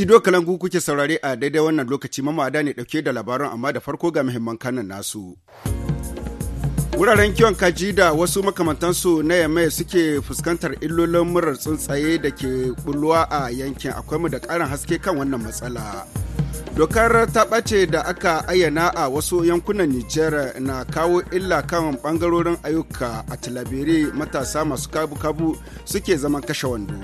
Studio Kalangu kuke saurare a daidai wannan lokaci mamada ne dauke da labaran amma da farko ga muhimman kanan nasu. Wuraren kiwon kaji da wasu makamantansu na yamai suke fuskantar illolin murar tsuntsaye da ke bulluwa a yankin akwai mu da karin haske kan wannan matsala. Dokar ta ɓace da aka ayyana a wasu yankunan Nijar na kawo illa kan bangarorin ayyuka a Tilabiri matasa masu kabu-kabu suke zaman kashe wando.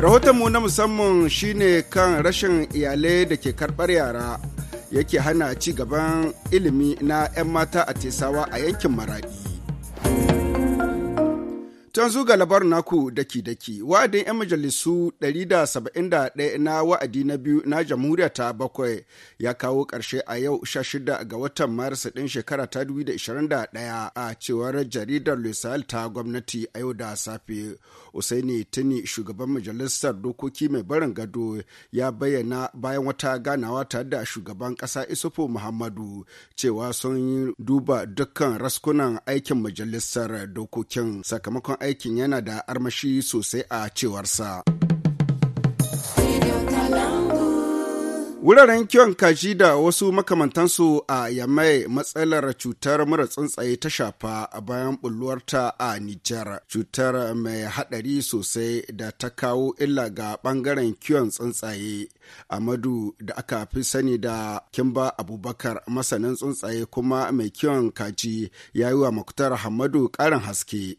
rahoton mu na musamman shine kan rashin iyalai da ke karɓar yara yake hana ci gaban ilimi na 'yan mata a tesawa a yankin maradi Can ga labarin naku daki-daki, wa'adin 'yan majalisu 171 na wa'adi na biyu na jamhuriya ta bakwai ya kawo ƙarshe a yau 16 ga watan Maris ɗin shekara ta 2021 a cewar jaridar Lusail ta gwamnati a yau da safe. Usaini Tini shugaban majalisar dokoki mai barin gado ya bayyana bayan wata ganawa tare da shugaban ƙasa Isufu Muhammadu cewa sun duba dukkan raskunan aikin majalisar dokokin sakamakon aikin yana da armashi sosai a cewarsa. Wuraren kiwon kaji da wasu makamantansu a Yamai matsalar cutar mura tsuntsaye ta shafa a bayan bulluwarta a Nijar. Cutar mai haɗari sosai da ta kawo illa ga ɓangaren kiwon tsuntsaye. Amadu da aka fi sani da Kimba Abubakar masanin tsuntsaye kuma mai kiwon kaji ya yi wa Muktar Hamadu ƙarin haske.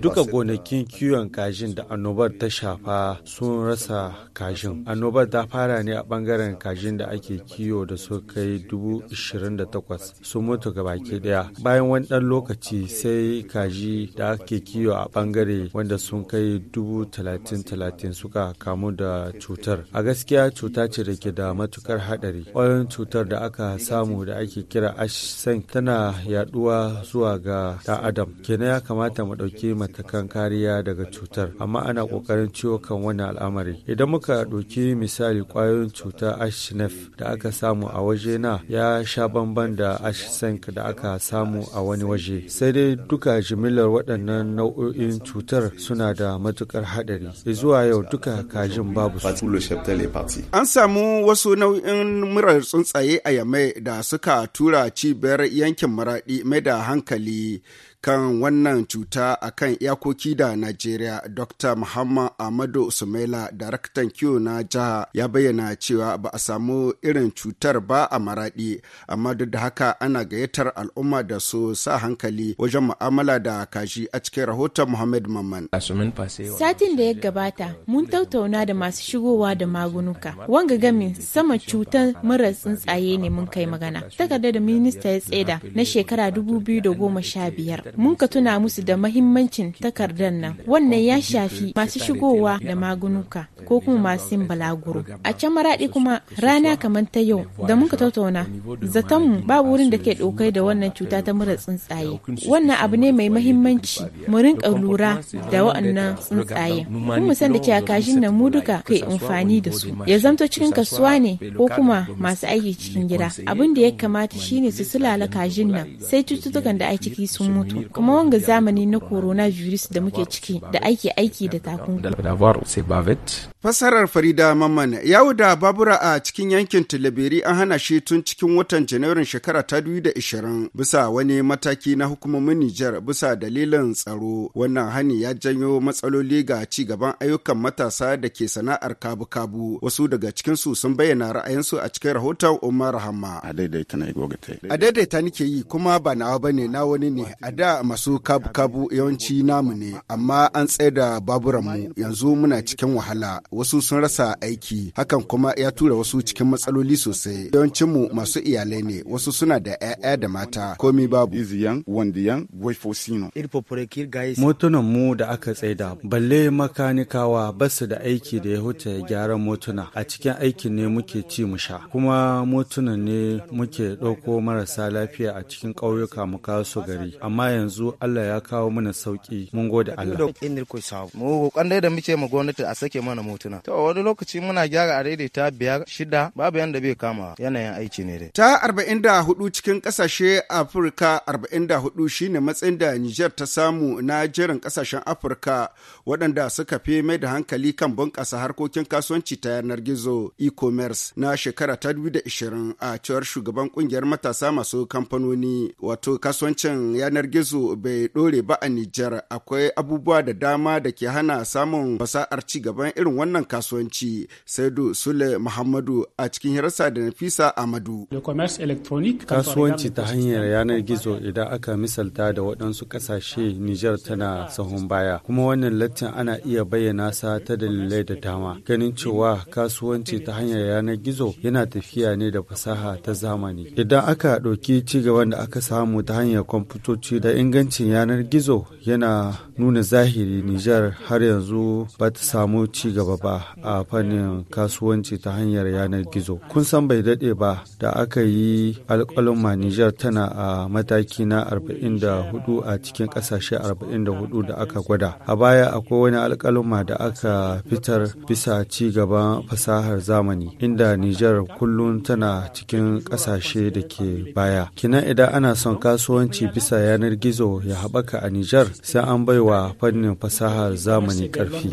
Duka gonakin kiwon kajin da annobar ta shafa sun rasa kajin. Annobar ta fara ne ne a bangaren kajin da ake kiwo da su kai 28,000 sun mutu baki daya bayan wani dan lokaci sai kaji da ake kiwo a bangare wanda sun kai 30,000 suka kamu da cutar a gaskiya cuta ce da ke da matukar hadari ƙwayoyin cutar da aka samu da ake kira ashsen tana yaduwa zuwa ga ɗan adam kenan ya kamata mu ɗauki matakan kariya daga cutar amma ana ƙoƙarin ciwo kan wannan al'amari idan muka ɗauki misali ƙwayoyin kwayoyin cutar ashnef da aka samu a waje na ya sha bamban da ashsenk da aka samu a wani waje. Sai dai duka jimillar waɗannan nau'o'in cutar suna da matukar haɗari. Zuwa yau duka kajin babu An samu wasu nau'in murar tsuntsaye a Yamai da suka tura cibiyar yankin Maraɗi mai da hankali kan wannan cuta a kan iyakoki da Najeriya, Dr. Muhammad Ahmadu Sumaila, daraktan kiwo na jiha, ya bayyana cewa ba a samu irin cutar ba a maraɗi, amma duk da haka ana gayyatar al'umma da su sa hankali wajen mu'amala da kashi a cikin rahoton Muhammad Mamman. Satin da ya gabata, mun tattauna da masu shigowa da magunuka. Wanga gami sama cutar mura tsuntsaye ne mun kai magana. Takarda da minista ya tseda na shekara dubu biyu da goma sha biyar mun ka tuna musu da mahimmancin takardar nan wannan ya shafi masu shigowa da magunuka ko kuma masu yin balaguro a can maraɗi kuma rana kamar ta yau da mun ka tattauna mu babu wurin da ke ɗaukai da wannan cuta ta mura tsuntsaye wannan abu ne mai mahimmanci mu rinka lura da waannan tsuntsaye kun mu san da cewa kashin nan mu duka kai amfani da su ya zanto cikin kasuwa ne ko kuma masu aiki cikin gida abin da ya kamata shine su sulala kajin nan sai cututtukan da a ciki sun mutu kuma wanga zamani na virus da muke ciki da ake aiki da takunkumi. Fasarar Farida Mamman yawo da babura a cikin yankin Tilaberi an hana shi tun cikin watan Janairun shekara ta 2020 bisa wani mataki na hukumomin Nijar bisa dalilin tsaro. Wannan hani ya janyo matsaloli ga ci gaban ayyukan matasa da ke sana'ar kabu-kabu. Wasu daga cikinsu sun bayyana ra'ayinsu a cikin rahoton Umar hama A daidaita nake yi kuma ba nawa bane na wani ne. A da a masu kabu-kabu yawanci namu ne, amma an baburan baburanmu yanzu muna cikin wahala, wasu sun rasa aiki, hakan kuma ya tura wasu cikin matsaloli sosai. Yawancinmu masu iyalai ne, wasu suna da 'ya'ya da mata, komi babu. motunan mu da aka tsaida, balle makanikawa basu da aiki da ya wuce gyaran motuna, a cikin aikin ne muke ci mu sha, kuma motunan ne muke ɗauko marasa lafiya a cikin ƙauyuka mu kawo su gari, amma yanzu Allah ya kawo mana sauki mun gode Allah mu kokon da muke ma gwamnati a sake mana motuna to wani lokaci muna gyara a ta biyar shida babu yanda bai kama yanayin aiki ne dai ta 44 cikin kasashe Afirka 44 shine matsayin da Niger ta samu na jerin kasashen Afirka waɗanda suka fi mai da hankali kan bunƙasa harkokin kasuwanci ta yanar gizo e-commerce na shekara ta 2020 a cewar shugaban kungiyar matasa masu kamfanoni wato kasuwancin yanar gizo gizo bai ɗore ba a Nijar akwai abubuwa da dama da ke hana samun fasa'ar ci gaban irin wannan kasuwanci. Saidu Sule Muhammadu a cikin hirarsa da Nafisa Amadu. Kasuwanci ta hanyar yanar gizo idan aka misalta da waɗansu ƙasashe ah, Nijar tana sahun baya. Kuma wannan lattin ana iya bayyana sa ta dalilai da dama. Ganin cewa kasuwanci ta hanyar yanar gizo yana tafiya ne da fasaha ta zamani. Idan aka ɗauki ci gaban da aka samu ta hanyar kwamfutoci da ingancin yanar gizo yana nuna zahiri Nijar har yanzu ba ta samu ci gaba ba a fannin kasuwanci ta hanyar yanar gizo. Kun san bai daɗe ba da aka yi alƙalumma Nijar tana a mataki na 44 a cikin ƙasashe 44 da aka gwada. A baya akwai wani alƙalumma da aka fitar bisa ci gaban fasahar zamani inda Nijar kullum tana cikin ƙasashe da ke baya. Kina idan ana son kasuwanci bisa yanar gizo ya haɓaka a Nijar sai an baiwa fannin fasahar zamani ƙarfi.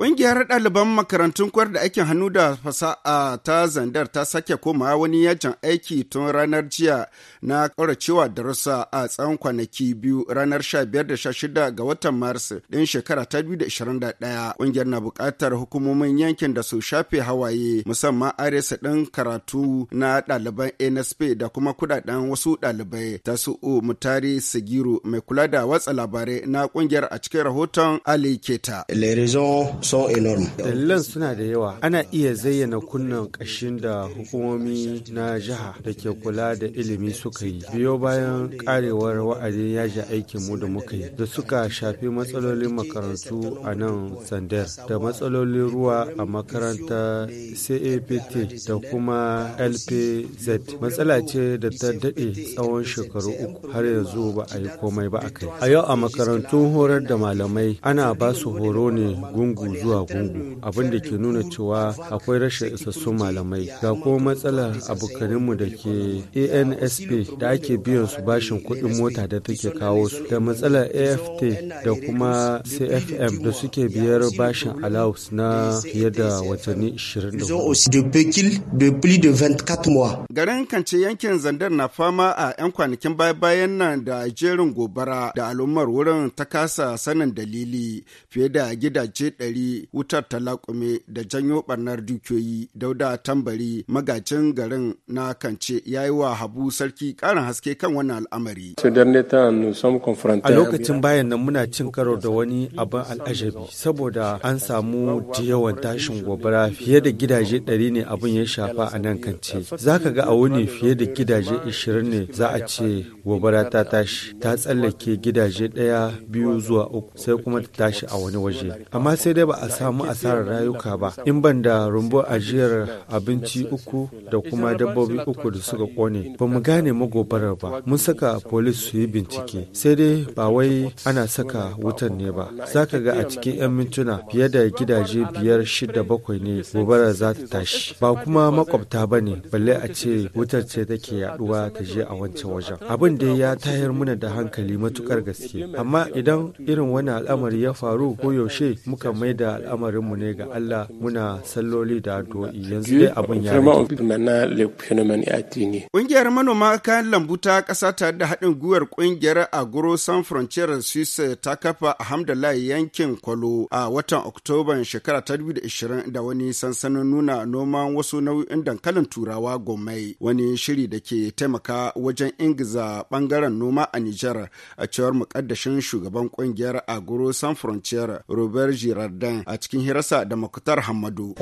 Ƙungiyar ɗaliban makarantun kwar da aikin hannu da fasaha ta zandar ta sake komawa wani yajin aiki tun ranar jiya na ƙauracewa darussa a tsawon kwanaki biyu ranar 15 da 16 ga watan Maris ɗin shekara ta 2021. Ƙungiyar na buƙatar hukumomin yankin da su shafe hawaye musamman aresa ɗin karatu na ɗaliban NSP da kuma kuɗaɗen wasu dalibai ɗalibai tasu'u mutari sigiru mai kula da watsa labarai na kungiyar a cikin rahoton ali keta dalilan suna da yawa ana iya zayyana kunnan ƙashin da hukumomi na jiha da ke kula da ilimi suka yi biyo bayan karewar wa'adin yaji aikin mu da muka yi da suka shafi matsalolin makarantu a nan sandar da matsalolin ruwa a makaranta capt da kuma lpz matsala ce da ta daɗe tsawon shekaru uku har yanzu ba a yi komai ba a kai. A yau a makarantun horar da malamai ana ba su horo ne gungu zuwa gungu abin da ke nuna cewa akwai rashin isassun malamai. Ga kuma matsalar abokaninmu da ke ANSP da ake biyan su bashin kuɗin mota da take kawo su da matsalar AFT da kuma CFM da suke biyar bashin allowance na fiye da watanni 24. Garin kance yankin zandar na fama a 'yan kwanakin baya-bayan nan da jerin gobara da al'ummar wurin ta kasa sanin dalili fiye da gidaje 100 wutar laƙume da janyo barnar dukiyoyi dauda tambari magacin garin na kance ya yi wa habu sarki karin haske kan wannan al'amari. A lokacin bayan nan muna cin karo da wani abin al'ajabi saboda an samu da yawan tashin gobara fiye da gidaje 100 ne abin ya shafa a nan kance. Za ga a wuni fiye da gidaje 20 ne za a ce gobara ta tashi ta tsallake gidaje ɗaya biyu zuwa uku sai kuma ta tashi a wani waje amma sai dai ba a samu asarar rayuka ba in ban da rumbu ajiyar abinci uku da kuma dabbobi uku da suka kone ba mu gane magobarar ba mun saka polis su yi bincike sai dai ba wai ana saka wutan ne ba za ka ga a cikin 'yan mintuna fiye da gidaje biyar shida bakwai ne gobara za ta tashi ba kuma makwabta ba ne balle a ce wutar ce take yaduwa ta je a wancan wajen abin da ya tayar mana da hankali matukar gaske amma idan irin wani al'amari ya faru ko yaushe muka mai da al'amarinmu ne ga Allah muna salloli da addu'o'i yanzu dai abin ya kungiyar manoma kayan lambu ta kasa tare da haɗin gwiwar ƙungiyar Agro San Frontier Suisse ta kafa a yankin Kwalo a watan oktoba shekara ta 2020 da wani sansanin nuna noman wasu nau'in dankalin turawa gomai wani shiri da ke taimaka wajen ingiza bangaren noma a Nijar a cewar mukaddashin shugaban kungiyar Agro San Frontier Robert Girardin a cikin hirarsa da Makutar Hamadu.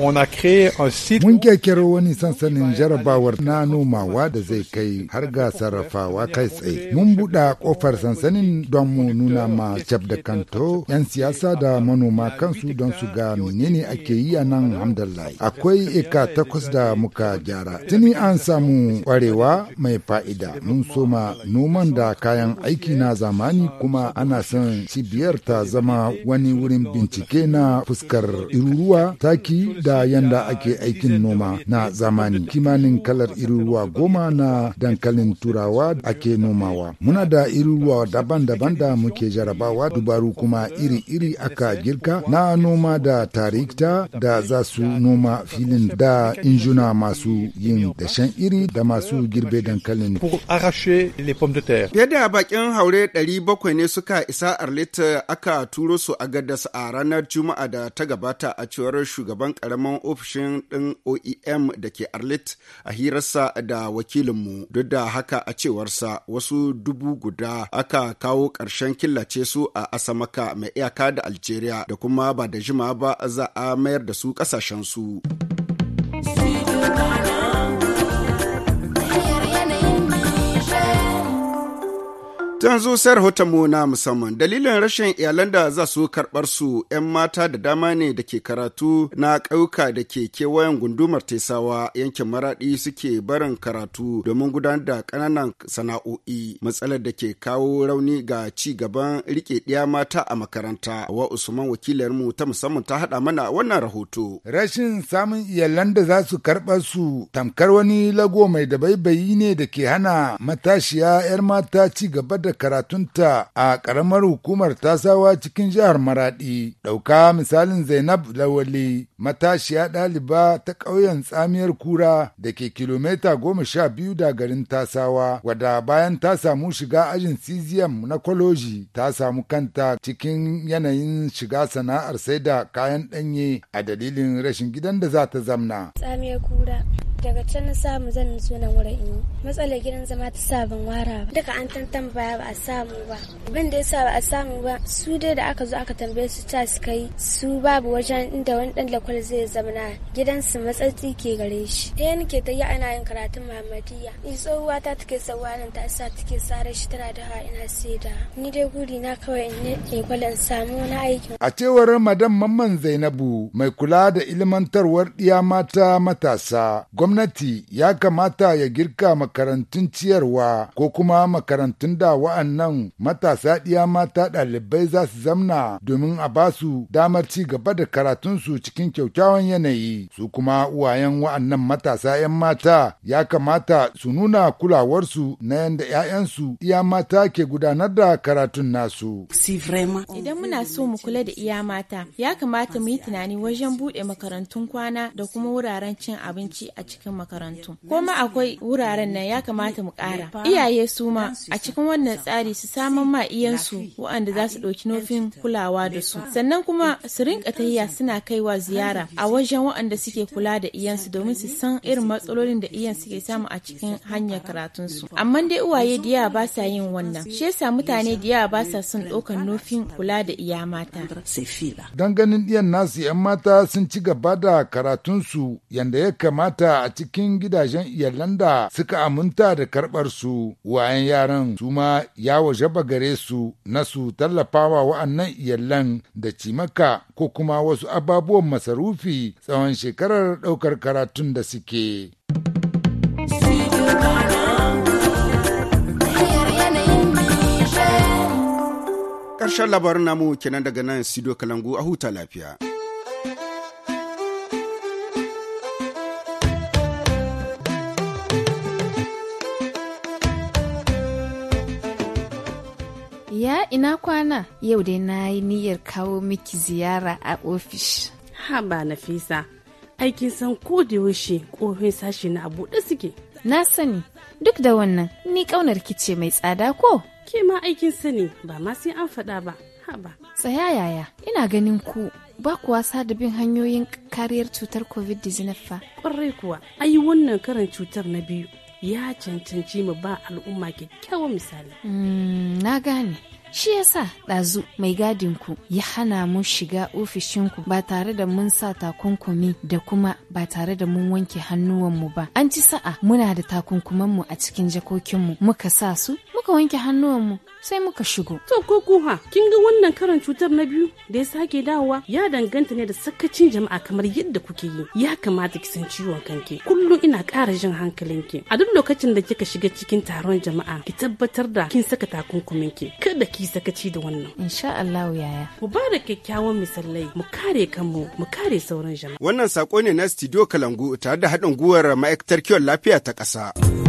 Mun kirkiro wani sansanin jarabawar na nomawa da zai kai har ga sarrafawa kai tsaye. Mun buɗa kofar sansanin don mu nuna ma jab da kanto 'yan siyasa da manoma kansu don su ga menene ake yi a nan hamdallahi. Akwai eka takwas da muka gyara. Tuni an samu kwarewa mai fa'ida. mun soma noman da kayan aiki na zamani kuma ana son cibiyar ta zama wani wurin bincike na fuskar iruruwa taki da yanda ake aikin noma na zamani kimanin kalar iruruwa goma na dankalin turawa ake nomawa muna da iruruwa daban-daban da muke jarabawa dubaru kuma iri-iri aka girka na noma da tarikta da za su noma filin da injuna masu yin dashen iri da masu girbe dankalin pour les pommes de terre. Fiye da bakin haure 700 ne suka isa Arlita aka turo su a gadas a ranar Juma'a da ta gabata a cewar shugaban karamin ofishin ɗin OEM da ke Arlit a hirarsa da wakilinmu. Duk da haka a cewarsa wasu dubu guda aka kawo ƙarshen killace su a Asamaka mai iyaka da Algeria da kuma ba da jima ba za a mayar da su ƙasashensu. su. yanzu sai mu na musamman dalilin rashin iyalan da za su karɓar su 'yan mata da dama ne da ke karatu na ƙauka da ke kewayen gundumar tesawa yankin maraɗi suke barin karatu domin gudanar da ƙananan sana'o'i matsalar da ke kawo rauni ga ci gaban riƙe ɗiya mata a makaranta wa usman wakilarmu ta musamman ta haɗa mana wannan rahoto. rashin samun iyalan da za su karɓar su tamkar wani lago mai dabaibayi ne da ke hana matashiya 'yar mata ci gaba da karatunta a ƙaramar hukumar tasawa cikin jihar Maraɗi. Ɗauka misalin Zainab Lawali matashiya ɗaliba ta ƙauyen tsamiyar kura da ke kilomita goma sha biyu da garin tasawa wada bayan ta samu shiga ajin cesium na kwaloji ta samu kanta cikin yanayin shiga sana'ar sai da kayan ɗanye a dalilin rashin gidan da za ta zamna. daga can na samu zan nutsu nan wurin in matsalar gidan zama ta sa ban wara ba duka an tantan baya ba a samu ba abin da yasa ba a samu ba su dai da aka zo aka tambaye su ta su kai su babu wajen inda wani dan lakwal zai zamana su matsatsi ke gare shi ɗaya nake ta yi ana yin karatun mahammadiyya Ni tsohuwa ta take nan ta sa take sare shi tana da ina saida ni dai guri na kawai in ne kwalan samu na aikin. a cewar madam mamman zainabu mai kula da ilmantarwar ɗiya mata matasa gwamnati gwamnati ya kamata ya girka makarantun ciyarwa ko kuma makarantun da wa'annan matasa ɗiya mata ɗalibai za su zamna domin a ba su damar ci gaba da karatunsu cikin kyaukyawan yanayi su kuma uwayen wa'annan matasa 'yan mata ya kamata su nuna kulawarsu na yadda 'ya'yansu iya mata ke gudanar da karatun nasu. Idan muna so mu kula da iya mata, ya kamata mu yi tunani wajen buɗe makarantun kwana da kuma wuraren cin abinci a cikin cikin makarantu kuma akwai wuraren nan ya kamata mu ƙara iyaye su ma a cikin wannan tsari su saman ma iyansu waɗanda za su ɗauki nufin kulawa da su sannan kuma su rinka tahiya suna kaiwa ziyara a wajen waɗanda suke kula da iyansu domin su san irin matsalolin da iyan suke samu a cikin hanyar karatunsu amma dai uwaye da yawa ba sa yin wannan shi yasa mutane da yawa ba sa son ɗaukan nufin kula da iya mata dan ganin iyan nasu 'yan mata sun ci gaba da karatunsu yanda ya kamata a cikin gidajen iyalan da suka aminta da karɓar su wayan yaran su ma ya waje gare su na su tallafawa wa'annan iyalan da cimaka ko kuma wasu ababuwan masarufi tsawon shekarar ɗaukar karatun da suke. Ƙarshen labarin namu kenan daga nan Sido Kalangu a huta lafiya. ina kwana yau dai na yi niyyar kawo miki ziyara a ofis. ba na Nafisa, aikin san ko da yaushe ƙofin sashi na buɗe suke. Na sani, duk da wannan ni ƙaunar kice mai tsada ko? Ke ma aikin sani ba ma sai an faɗa ba. ha ba. Tsaya yaya, ina ganin ku ba ku wasa da bin hanyoyin kariyar cutar COVID-19 fa. Ƙwarai kuwa, ayi wannan karin cutar na biyu ya cancanci mu ba al'umma kyakkyawan misali. Hmm, na gane. Shi yasa ɗazu mai gadin ku ya hana mu shiga ofishinku ba tare da mun sa takunkumi da kuma ba tare da mun wanke hannuwanmu ba. An ci sa'a muna da takunkumanmu a cikin jakokinmu muka sa su muka wanke mu sai muka shigo. To ko kuwa kin ga wannan karan cutar na biyu da ya sake dawowa ya danganta ne da sakacin jama'a kamar yadda kuke yi. Ya kamata ki san ciwon kanki. Kullum ina ƙara jin hankalin ki. A duk lokacin da kika shiga cikin taron jama'a ki tabbatar da kin saka takunkumin ki. Kada ki sakaci da wannan. Insha Allah yaya. Mu ba da kyakkyawan misalai mu kare kanmu mu kare sauran jama'a. Wannan sako ne na Studio Kalangu tare da haɗin gwiwar ma'aikatar kiwon lafiya ta ƙasa.